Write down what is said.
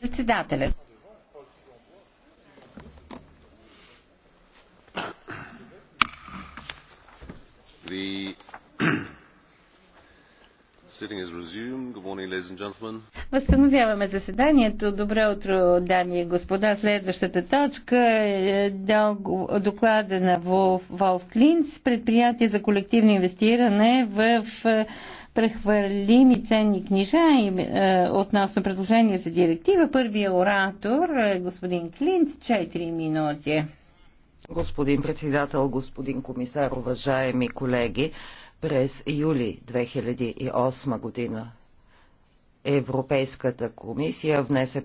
Председателят. The Възстановяваме заседанието. Добре утро, дами и господа. Следващата точка е, е доклада на Волф Клинц, предприятие за колективно инвестиране в е, прехвърлими ценни книжа и, е, относно предложение за директива. Първия оратор е господин Клинт, 4 минути. Господин председател, господин комисар, уважаеми колеги, през юли 2008 година Европейската комисия внесе